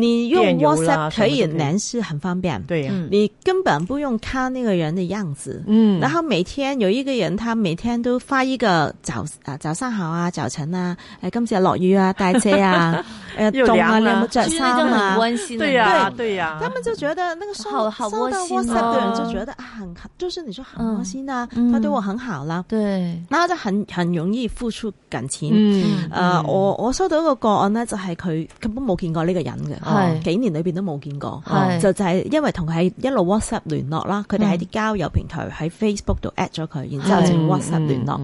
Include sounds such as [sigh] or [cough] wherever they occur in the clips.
你用 WhatsApp 可以聯繫，很方便。對，你根本不用看那個人的樣子。嗯。然後每天有一個人，他每天都發一個早啊早上好啊早晨啊，哎、今朝落雨啊帶遮啊，誒凍 [laughs] 了啊你有冇着衫啊，啊，啊？對呀、啊、對他們就覺得那個收，收到 WhatsApp 的人就覺得啊很，嗯、就是你說很窩心啊，他對我很好啦、啊。對、嗯。然後就很很容易付出感情。嗯。呃、嗯我我收到一個個案呢，就係佢根本冇見過呢個人嘅。Oh, 是幾年裏邊都冇見過，是 uh, 就就係因為同佢喺一路 WhatsApp 聯絡啦，佢哋喺啲交友平台喺 Facebook 度 at 咗佢，然之後就 WhatsApp 聯絡，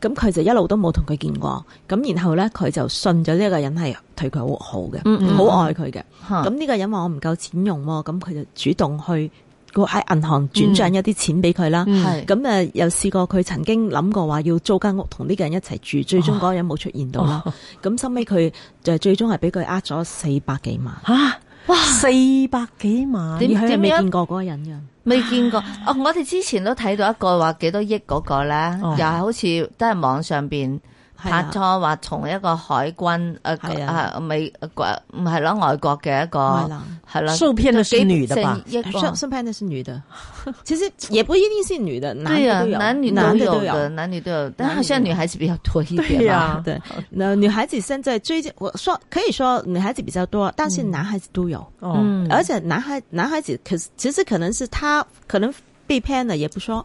咁佢、嗯嗯、就一路都冇同佢見過，咁然後咧佢就信咗呢一個人係對佢好好嘅，好、嗯、愛佢嘅，咁呢、嗯、個人話我唔夠錢用，咁佢就主動去。佢喺銀行轉賬一啲錢俾佢啦，咁誒、嗯嗯、又試過佢曾經諗過話要租間屋同呢個人一齊住，最終嗰個人冇出現到啦。咁收尾佢就最終係俾佢呃咗四百幾萬。吓、啊，哇，四百幾萬？點點樣未見過嗰個人噶？未見過。啊、哦，我哋之前都睇到一個話幾多億嗰個咧，哎、呀又係好似都係網上邊。拍拖話從一個海關，呃誒，美國唔係咯外國嘅一個，係啦，受騙的是女的吧？也受受騙的是女的，其實也不一定是女的，男的都有，男女男嘅都有，的男女都有，但好像女孩子比較多一點。對啊，對，女孩子現在最近，我說可以說女孩子比較多，但是男孩子都有，嗯，而且男孩男孩子可其實可能是他可能被騙了，也不說。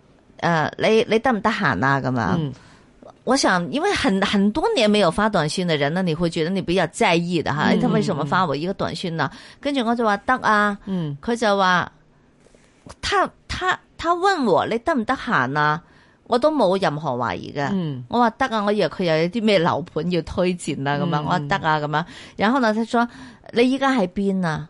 誒、呃，你你得唔得閒啊？咁啊，嗯、我想，因為很很多年沒有發短信的人呢，呢你會覺得你比較在意的哈。嗯、他為什麼發我一個短信啊？嗯、跟住我就話得啊，嗯，佢就話，他他他問我你得唔得閒啊？我都冇任何懷疑㗎，嗯，我話得啊，我以為佢又有啲咩樓盤要推薦啊咁啊，樣嗯、我話得啊，咁啊，然後呢佢話你依家喺邊啊？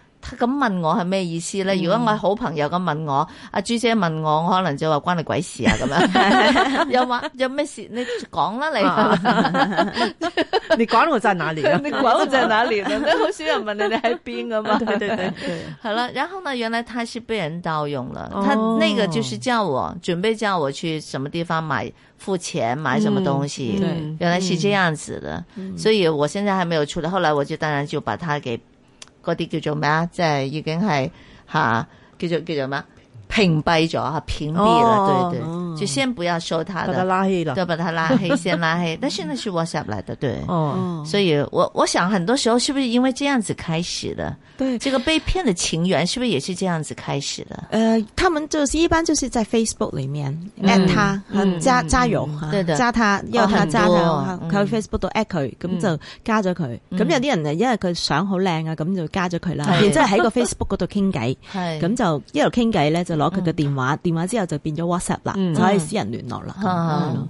他咁問我係咩意思咧？如果我係好朋友咁問我，阿朱姐問我，我可能就話關你鬼事啊咁樣。有話有咩事你講啦，你你管我在哪裏啊，你管我在哪裏？都好少人問你你喺邊噶嘛？對對對，好啦。然後呢，原來他是被人盜用了，他那個就是叫我準備，叫我去什麼地方買付錢買什麼東西。對，原來是這樣子的，所以我現在還沒有出來。後來我就當然就把他給嗰啲叫做咩啊？即係已經係吓、啊，叫做叫做咩？屏蔽咗吓屏蔽啦，哦、對對，嗯、就先不要收他嘅，要把他拉黑，拉先拉黑。 [laughs] 但係現在是，是 WhatsApp 唔來的，對，哦、所以我，我我想，很多時候是不是因為這樣子開始的？這個被騙的情緣是不是也是這樣子開始的？誒，他們就是一般就是在 Facebook 裏面 at 他，加加友，加他，因為佢加他我，喺 Facebook 度 at 佢，咁就加咗佢。咁有啲人因為佢相好靚啊，咁就加咗佢啦。然之後喺個 Facebook 嗰度傾偈，咁就一路傾偈咧，就攞佢嘅電話，電話之後就變咗 WhatsApp 啦，就可以私人聯絡啦。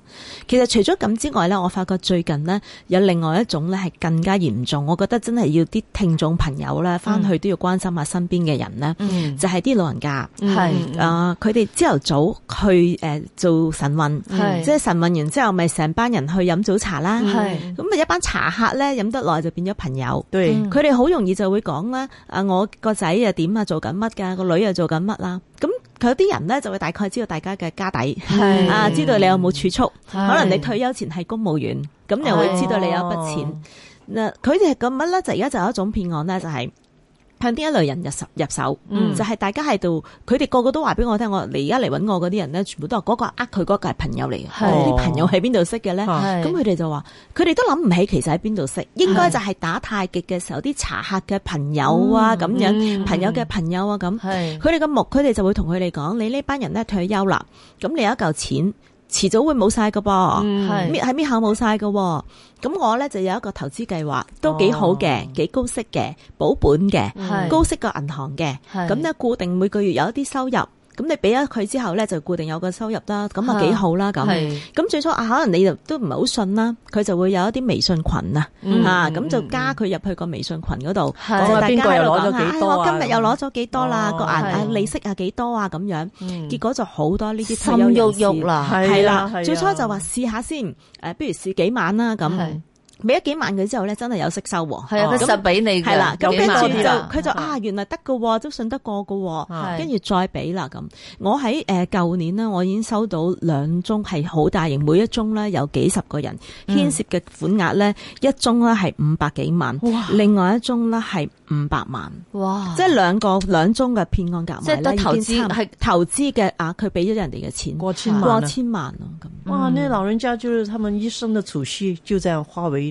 其實除咗咁之外咧，我發覺最近呢，有另外一種咧係更加嚴重，我覺得真係要啲聽眾朋友呢。翻，佢都要關心下身邊嘅人咧，就係啲老人家係啊，佢哋朝頭早去誒做晨運，係即係晨運完之後，咪成班人去飲早茶啦，係咁啊，一班茶客咧飲得耐就變咗朋友，對佢哋好容易就會講啦：「啊我個仔又點啊，做緊乜噶，個女又做緊乜啦，咁佢啲人咧就會大概知道大家嘅家底，係啊，知道你有冇儲蓄，可能你退休前係公務員，咁又會知道你有一筆錢，嗱，佢哋係咁乜咧？就而家就有一種騙案咧，就係。向呢一類人入入手，嗯、就係大家喺度，佢哋個個都話俾我聽，我嚟而家嚟搵我嗰啲人咧，全部都係嗰個呃佢嗰個係朋友嚟嘅，嗰啲是朋友喺邊度識嘅咧？咁佢哋就話，佢哋都諗唔起其實喺邊度識，應該就係打太極嘅時候啲茶客嘅朋友啊，咁、嗯、樣、嗯、朋友嘅朋友啊，咁是，佢哋嘅目，佢哋就會同佢哋講，你呢班人咧退休啦，咁你有一嚿錢。遲早會冇晒噶噃，係喺咩下冇晒噶？咁我咧就有一個投資計劃，都幾好嘅，幾、哦、高息嘅，保本嘅，嗯、高息個銀行嘅，咁咧是固定每個月有一啲收入。咁你俾咗佢之後咧，就固定有個收入啦，咁啊幾好啦咁。咁最初啊，可能你就都唔係好信啦，佢就會有一啲微信群啊嚇，咁就加佢入去個微信群嗰度，大家又攞咗幾多，我今日又攞咗幾多啦？個銀啊利息啊幾多啊咁樣，結果就好多呢啲退休人士心喐喐啦，係啦。最初就話試下先，誒不如試幾晚啦咁。俾咗幾萬佢之後咧，真係有息收喎。係啊，息收俾你㗎。係啦，咁跟住就佢就啊，原來得嘅，都信得過嘅。係，跟住再俾啦咁。我喺誒舊年呢我已經收到兩宗係好大型，每一宗咧有幾十個人牽涉嘅款額咧，一宗咧係五百幾萬哇，另外一宗咧係五百萬哇！即係兩個兩宗嘅騙案夾埋咧已經差唔係投資嘅額佢俾咗人哋嘅錢過千過千萬咯。哇！呢老人家就是他們一生的儲蓄，就這樣化為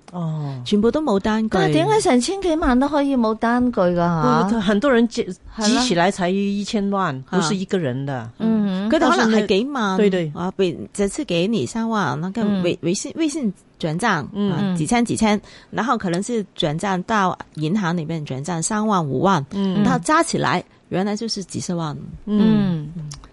哦，全部都冇單據，但係點解成千幾萬都可以冇單據噶吓？很多人集集起來才一千萬，是啊、不是一個人的。嗯，佢哋可能係幾萬，對對、嗯，啊，俾這次給你三萬，那個微對對對微信微信轉賬，嗯、啊，幾千幾千，然後可能是轉賬到銀行裏面轉賬三萬五萬，嗯，然後加起來原來就是幾十萬，嗯。嗯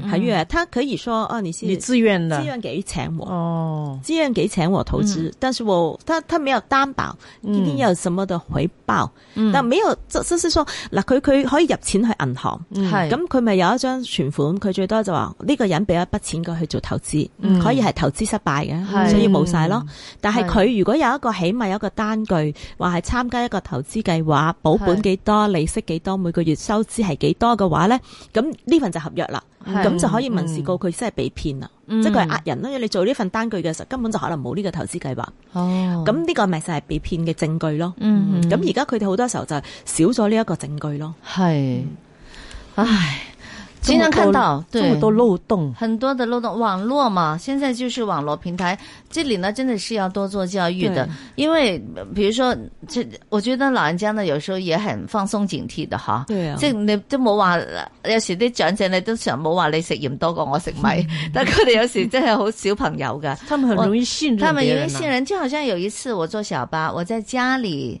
係啊，他可以說你係自願的，自願給錢我，自願給錢我投資，但是他，他沒有擔保，一定有什麼的回報，但沒有，即是說嗱，佢佢可以入錢去銀行，係咁，佢咪有一張存款，佢最多就話呢個人俾一筆錢過去做投資，可以係投資失敗嘅，所以冇晒咯。但係佢如果有一個起碼有一個單據，話係參加一個投資計劃，保本幾多，利息幾多，每個月收支係幾多嘅話咧，咁呢份就合約啦。咁、嗯、就可以民事告佢，嗯嗯、即係被騙啦，即係佢係呃人啦。因為你做呢份單據嘅時候，根本就可能冇呢個投資計劃。哦，咁呢個咪就係被騙嘅證據咯。嗯，咁而家佢哋好多時候就係少咗呢一個證據咯。係，唉。經常看到這麼多漏洞，多很多的漏洞。網絡嘛，現在就是網絡平台。這裏呢，真的是要多做教育的，對因為比如說，這我覺得老人家呢，有時候也很放鬆警惕的哈。對啊。即你都冇話，有時啲長者咧都想冇話你食鹽多過我食米，嗯嗯，但佢哋有時真係好小朋友㗎 [laughs] 我他們很容易信任。他們容易信任，啊、就好像有一次我坐小巴，我在家裏。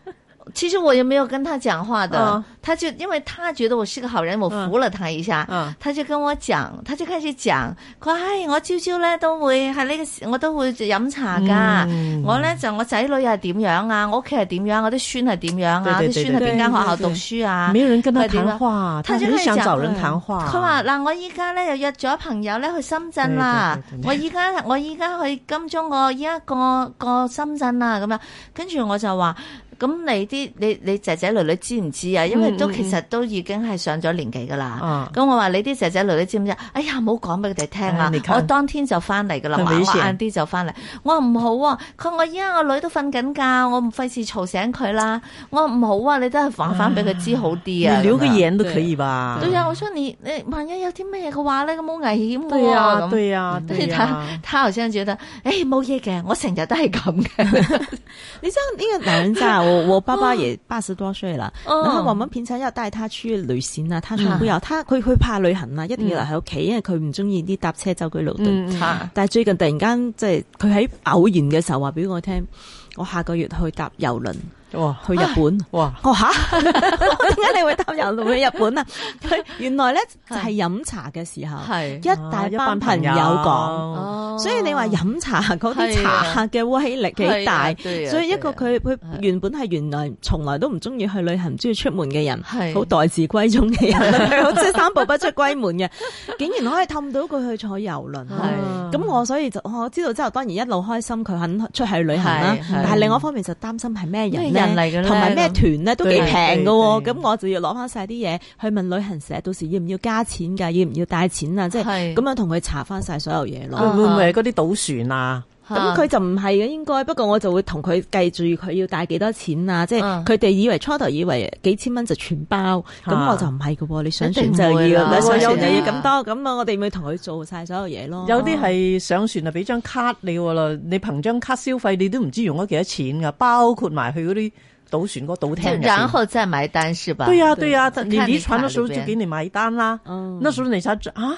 其實我又沒有跟他講話的，嗯、他就因為他覺得我是個好人，我扶了他一下，嗯嗯、他就跟我講，他就開始講，佢、哎、我朝朝咧都會喺呢、這個時，我都會飲茶噶、嗯，我咧就我仔女又係點樣啊，我屋企係點樣，我啲孫係點樣啊，啲孫喺邊間學校讀書啊？對對對。沒有人跟他談佢點啊，佢想找人談話，佢話嗱我依家咧又約咗朋友咧去深圳啦，我依家我依家去金鐘我依家過過深圳啦咁樣，跟住我就話。咁你啲你你仔仔女女知唔知啊？因為都其實都已經係上咗年紀噶啦。咁、嗯、我話你啲仔仔女女知唔知？哎呀，唔好講俾佢哋聽啊！哎、呀你看我當天就翻嚟噶啦，我晏啲就翻嚟。我話唔好啊，佢我依家我女都瞓緊覺，我唔費事嘈醒佢啦。我話唔好啊，你真係反翻俾佢知好啲啊。嗯、樣你留個言都可以吧？對啊，我想你你萬一有啲咩嘅話咧，咁冇危險、啊。對啊，對啊，對啊。他頭先覺得，誒冇嘢嘅，我成日都係咁嘅。你真呢個男人真. [laughs] 我爸爸也八十多歲了 oh. Oh. 然後我們平常要帶他出去旅行啊，他唔要，他佢佢怕旅行啊，一定要留喺屋企，因為佢唔中意啲搭車舟車勞頓。嗯，oh. oh. 但係最近突然間即係佢喺偶然嘅時候話俾我聽，我下個月去搭郵輪。去日本哇！我吓點解你會搭郵輪去日本啊？原來咧就係飲茶嘅時候，一大班朋友講，所以你話飲茶嗰啲茶客嘅威力幾大，所以一個佢佢原本係原來從來都唔中意去旅行、中意出門嘅人，係好待字閨中嘅人，即係三步不出閨門嘅，竟然可以氹到佢去坐郵輪。咁我所以就我知道之後，當然一路開心，佢肯出去旅行啦。但係另外一方面就擔心係咩人呢？同埋咩團咧都幾平噶，咁我就要攞翻晒啲嘢去問旅行社，到時要唔要加錢噶，要唔要帶錢對這啊？即係咁樣同佢查翻晒所有嘢咯。會唔會係，嗰啲賭船啊！咁佢就唔係嘅，應該不過我就會同佢計住佢要帶幾多錢啊！即係佢哋以為初頭以為幾千蚊就全包，咁我就唔係㗎喎。你上船就要，有啲要咁多，咁我我哋咪同佢做晒所有嘢咯。有啲係上船就俾張卡你喎啦，你憑張卡消費你都唔知用咗幾多錢噶，包括埋去嗰啲賭船嗰賭廳嗰啲。然後再埋單是吧？對啊對啊，你你慘咗數就俾你埋單啦。嗯，那你啊。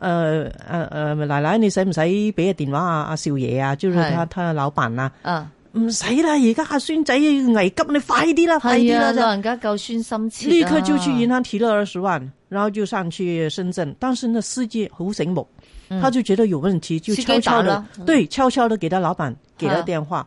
誒誒誒，奶奶，你使唔使俾個電話阿阿少爺啊？就是他，是他老闆啊？唔使啦，而家阿孫仔危急，你快啲啦，係快啲啦！老人家救孫心切，立刻就去銀行提咗二十萬，啊、然後就上去深圳。但是呢司機好醒目，嗯、他就覺得有問題，就悄悄的，對悄悄的給他老闆給了電話。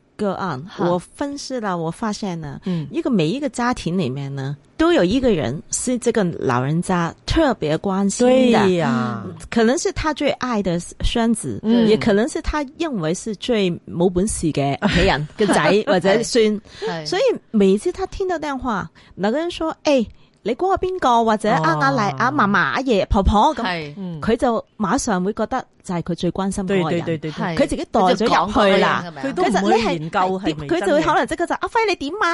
個案、啊，我分析了，我發現呢，一個每一個家庭裏面呢，都有一個人是這個老人家特別關心的，啊、可能是他最愛的孫子，嗯、也可能是他認為是最冇本事嘅人個 [laughs] 仔或者孫， [laughs] 所以每一次他聽到電話，那個人說，哎。你估下邊個或者阿阿麗阿嫲嫲阿爺婆婆咁，佢就馬上會覺得就係佢最關心嘅人，佢自己代咗入去啦。其實你係佢就會可能即刻就話阿輝你點啊？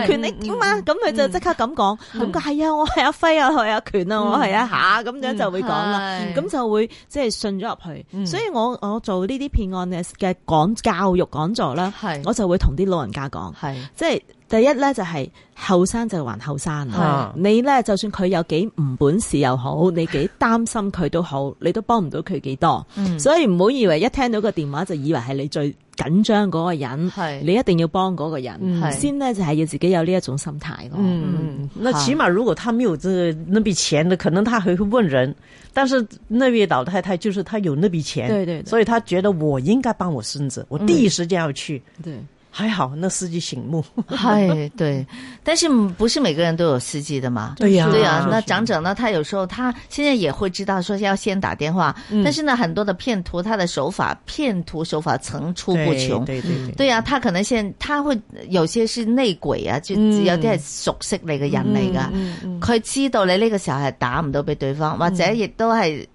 阿權你點啊？咁佢就即刻咁講，咁個係啊，我係阿輝啊，我係阿權啊，我係一下咁樣就會講啦，咁就會即係信咗入去。所以我我做呢啲騙案嘅嘅講教育講座啦，我就會同啲老人家講，即係。第一咧就係後生就係還後生，啊、你咧就算佢有幾唔本事又好，嗯、你幾擔心佢都好，你都幫唔到佢幾多，嗯、所以唔好以為一聽到個電話就以為係你最緊張嗰個人，是你一定要幫嗰個人，先、嗯、呢，就係、是、要自己有呢一種心態咯。嗯，嗯啊、那起碼如果他沒有這個那筆錢，可能他會會問人，但是那位老太太就是他有那筆錢，對對，對，所以他覺得我應該幫我孫子，我第一時間要去。嗯、對。還好，那司機醒目。 [laughs] 係，對，但是不是每個人都有司機的嘛？對呀，對啊。那長者呢？他有時候，他現在也會知道說要先打電話。嗯、但是呢，很多的騙徒，他的手法，騙徒手法層出不窮。對對對。對啊，他可能先他會有些是內鬼啊，就有啲係熟悉你嘅人嚟㗎。佢、嗯、知道你呢個時候係打唔到俾對方，嗯、或者亦都係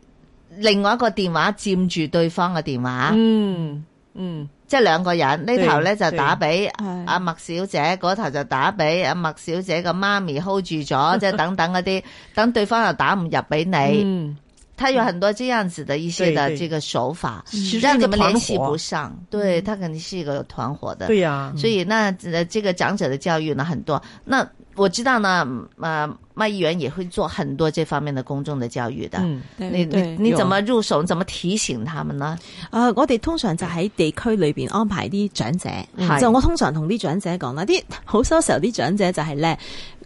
另外一個電話佔住對方嘅電話。嗯嗯。嗯嗯即係兩個人呢頭咧就打俾阿麥小姐，嗰頭就打俾阿麥小姐嘅媽咪 hold 住咗，即係等等嗰啲，等對方又打唔入俾你。嗯，他有很多這樣子的一些的這個手法，讓你們聯繫不上。對，他肯定是一個團伙的。對呀。所以呢這個長者的教育呢很多。那我知道呢，呃。麥議員也會做很多這方面的公眾嘅教育的你、嗯，你，你怎麼入手，怎麼提醒他們啦。啊、呃，我哋通常就喺地區裏邊安排啲長者，就我通常同啲長者講啦，啲好多時候啲長者就係、是、咧，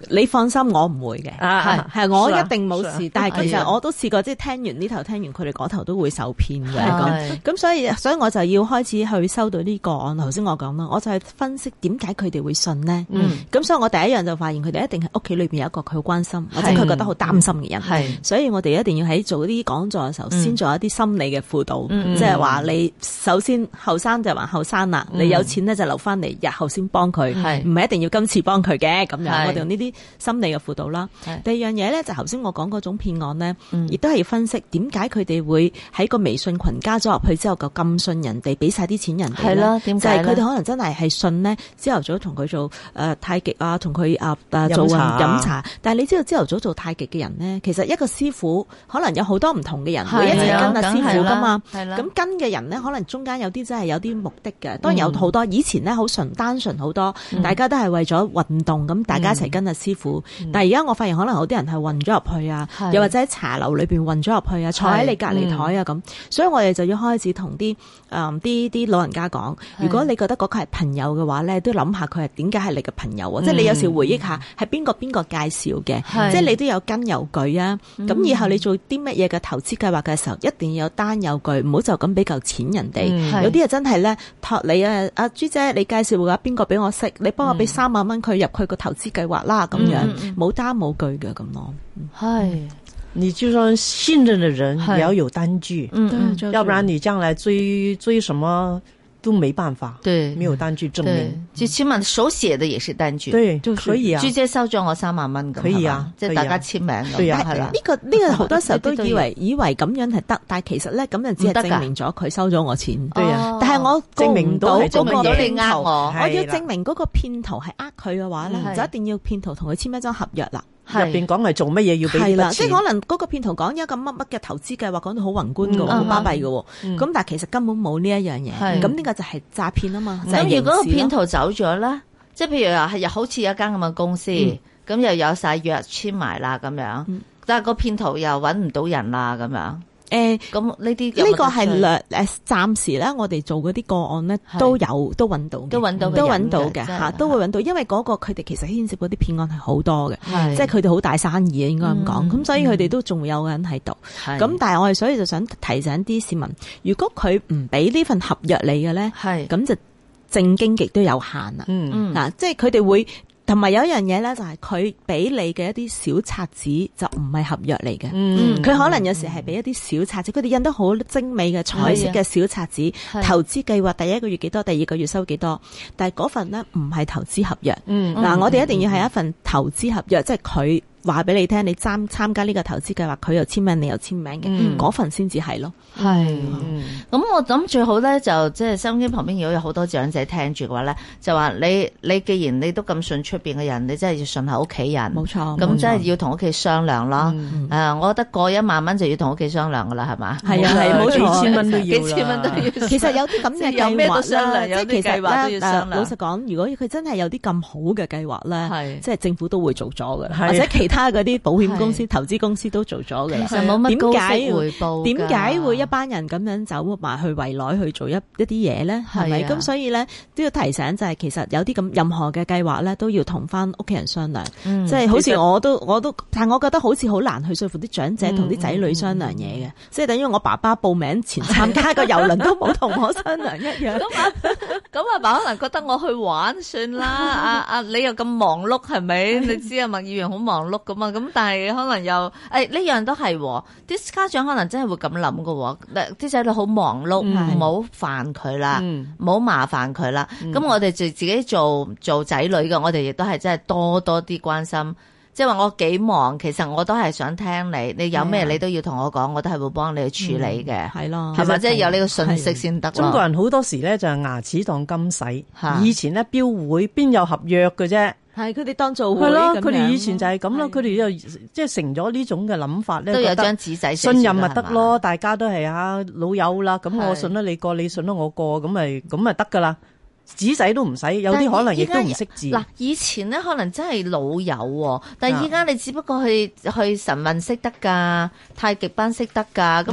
你放心我，我唔會嘅，係係我一定冇事，啊啊啊、但係其實我都試過，即係、哎、聽完呢頭，聽完佢哋嗰頭都會受騙嘅，咁所以所以我就要開始去收到呢個案，頭先我講啦，我就係分析點解佢哋會信呢？咁、嗯、所以我第一樣就發現佢哋一定係屋企裏邊有一個佢關心或者佢覺得好擔心嘅人，係所以我哋一定要喺做啲講座嘅時候，先做一啲心理嘅輔導，即係話你首先後生就還後生啦，你有錢呢，就留翻嚟，日後先幫佢，唔係一定要今次幫佢嘅。咁樣我哋用呢啲心理嘅輔導啦。第二樣嘢咧，就頭先我講嗰種騙案呢，亦都係分析點解佢哋會喺個微信群加咗入去之後，就咁信人哋，俾晒啲錢人哋咯。就係佢哋可能真係係信呢，朝頭早同佢做誒太極啊，同佢啊做飲茶，但係你。知道朝頭早做太極嘅人咧，其實一個師傅可能有好多唔同嘅人會一齊跟阿師傅噶嘛。咁跟嘅人咧，可能中間有啲真係有啲目的嘅。當然有好多以前咧好純單純好多，大家都係為咗運動咁，大家一齊跟阿師傅。但係而家我發現可能有啲人係混咗入去啊，又或者喺茶樓裏邊混咗入去啊，坐喺你隔離台啊咁。所以我哋就要開始同啲誒啲啲老人家講，如果你覺得嗰個係朋友嘅話咧，都諗下佢係點解係你嘅朋友啊？即係你有時回憶下係邊個邊個介紹嘅。是即係你都有根有據啊！咁、嗯、以後你做啲乜嘢嘅投資計劃嘅時候，一定要有單要、嗯、有據，唔好就咁俾嚿錢人哋。有啲人真係咧託你啊，阿、啊、朱姐，你介紹下邊個俾我識，你幫我俾三萬蚊佢入佢個投資計劃啦，咁樣冇、嗯嗯嗯、單冇據嘅咁咯。係是，嗯、你就算信任嘅人，你要有單據，是嗯，要不然你將來追追什麼？都沒辦法，對，沒有單據證明，最起碼手寫的也是單據，對，就可以啊，朱姐收咗我三萬蚊，可以啊，即係大家簽名，對啊，係啦，呢個呢個好多時候都以為以為咁樣係得，但係其實咧，咁樣只係證明咗佢收咗我錢，對啊，但係我證明到嗰個騙徒，我要證明嗰個騙徒係呃佢嘅話咧，就一定要騙徒同佢簽一張合約啦。入邊講嚟做乜嘢要俾錢？係啦，即係可能嗰個騙徒講一個乜乜嘅投資計劃，講到好宏觀嘅，好巴閉嘅。咁、哦嗯、但係其實根本冇呢一樣嘢，咁呢、嗯、個就係詐騙啊嘛。咁、嗯嗯、如果個騙徒走咗咧，嗯、即係譬如又係又好似有一間咁嘅公司，咁、嗯、又有晒約簽埋啦，咁樣，但係個騙徒又搵唔到人啦，咁樣。誒咁呢啲呢個係略誒暫時咧，我哋做嗰啲個案咧都有是都揾到嘅，都揾到嘅，都揾到嘅嚇，都會揾到，因為嗰、那個佢哋其實牽涉嗰啲騙案係好多嘅，是即係佢哋好大生意啊，應該咁講，咁、嗯、所以佢哋都仲會有個人喺度。咁、嗯、但係我哋所以就想提醒啲市民，如果佢唔俾呢份合約你嘅咧，咁是就正經極都有限啦。嗱、嗯，即係佢哋會。同埋有一樣嘢咧，就係佢俾你嘅一啲小冊子就唔係合約嚟嘅，佢、嗯、可能有時係俾一啲小冊子，佢哋、嗯、印得好精美嘅彩色嘅小冊子，啊、投資計劃第一個月幾多，第二個月收幾多，但係嗰份呢唔係投資合約。嗱、嗯嗯，我哋一定要係一份投資合約，嗯、即係佢。話俾你聽，你參參加呢個投資計劃，佢又簽名，你又簽名嘅，嗰份先至係咯。係，咁我諗最好咧，就即係收音機旁邊如果有好多長者聽住嘅話咧，就話你你既然你都咁信出邊嘅人，你真係要信下屋企人。冇錯，咁即係要同屋企商量咯。誒，我覺得過一萬蚊就要同屋企商量噶啦，係嘛？係啊，係冇錯，幾千蚊都要。幾千蚊都要。其實有啲咁嘅計劃，商量。其實咧，老實講，如果佢真係有啲咁好嘅計劃咧，即係政府都會做咗嘅，或者其。其他嗰啲保險公司、投資公司都做咗嘅，其實冇乜高息回報。點解會一班人咁樣走埋去圍內去做一一啲嘢咧？係咪？咁所以咧都要提醒，就係其實有啲咁任何嘅計劃咧，都要同翻屋企人商量。即係好似我都我都，但係我覺得好似好難去説服啲長者同啲仔女商量嘢嘅。即係等於我爸爸報名前參加個遊輪都冇同我商量一樣。咁阿爸可能覺得我去玩算啦。阿阿你又咁忙碌係咪？你知啊，麥議員好忙碌。咁啊，咁但係可能又，誒、哎、呢樣都係，啲家長可能真係會咁諗喎。啲仔女好忙碌，唔好煩佢啦，唔好、嗯、麻煩佢啦。咁、嗯、我哋就自己做做仔女嘅，我哋亦都係真係多多啲關心。即係話我幾忙，其實我都係想聽你，你有咩你都要同我講，我都係會幫你去處理嘅。係咯的，係咪即係有呢個信息先得？中國人好多時咧就係牙齒當金使，的以前咧標會邊有合約嘅啫。係佢哋當做係咯的，佢哋樣以前就係咁咯，佢哋的又即係成咗呢種嘅諗法咧，都有張紙仔信任咪得咯，的大家都係啊老友啦，咁的我信得你過的你信得我過，咁咪咁咪得噶啦。紙仔都唔使，有啲可能亦都唔識字。嗱，以前咧可能真係老友，但係而家你只不過去去晨運識得噶，太極班識得噶，咁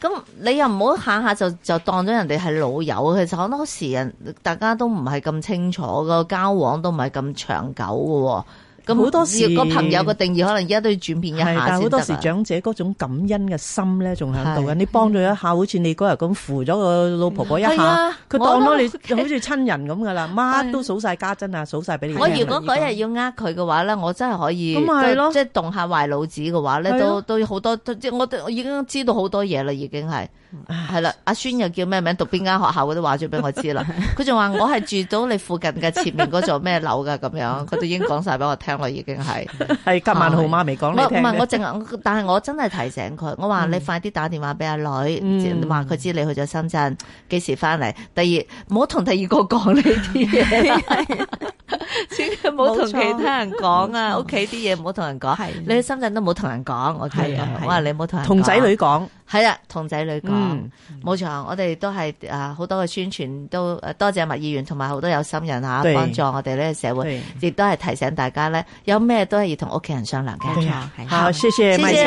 咁、嗯、你又唔好下下就就當咗人哋係老友。其實好多時人大家都唔係咁清楚噶，交往都唔係咁長久噶。咁好多時個朋友嘅定義可能而家都要轉變一下，但係好多時長者嗰種感恩嘅心咧，仲喺度嘅。你幫咗一下，好似你嗰日咁扶咗個老婆婆一下，佢當咗你好似親人咁噶啦，乜都數晒家珍啊，數晒俾你。我如果嗰日要呃佢嘅話咧，我真係可以，即係動下壞腦子嘅話咧，都都好多，即係我都已經知道好多嘢啦，已經係係啦。阿孫又叫咩名？讀邊間學校？都話咗俾我知啦。佢仲話我係住到你附近嘅前面嗰座咩樓㗎？咁樣佢都已經講晒俾我聽。我已經係係 [laughs] 今晚號、啊、媽未講你唔係我淨係但係我真係提醒佢，我話你快啲打電話俾阿女，話佢、嗯、知，知你去咗深圳，幾時翻嚟？第二，唔好同第二個講呢啲嘢，千萬唔好同其他人講啊，屋企啲嘢唔好同人講， [laughs] 的你去深圳都唔好同人講，我睇。我話你冇同同仔女講。係啦，同仔女講冇錯，我哋都係啊，好多嘅宣傳都多謝麥議員同埋好多有心人吓，幫對助我哋呢個社會，亦都係提醒大家咧，有咩都係要同屋企人商量嘅。對的好，多的謝、謝。謝謝。